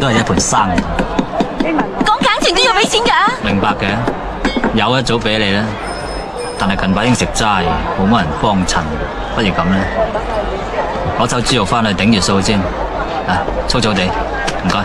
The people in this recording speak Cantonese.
都係一盤生意。講感情都要俾錢㗎。明白嘅，有一組俾你啦。但係近排應食齋，冇乜人幫襯，不如咁啦，攞手豬肉翻去頂住數先。啊，粗粗地，唔該。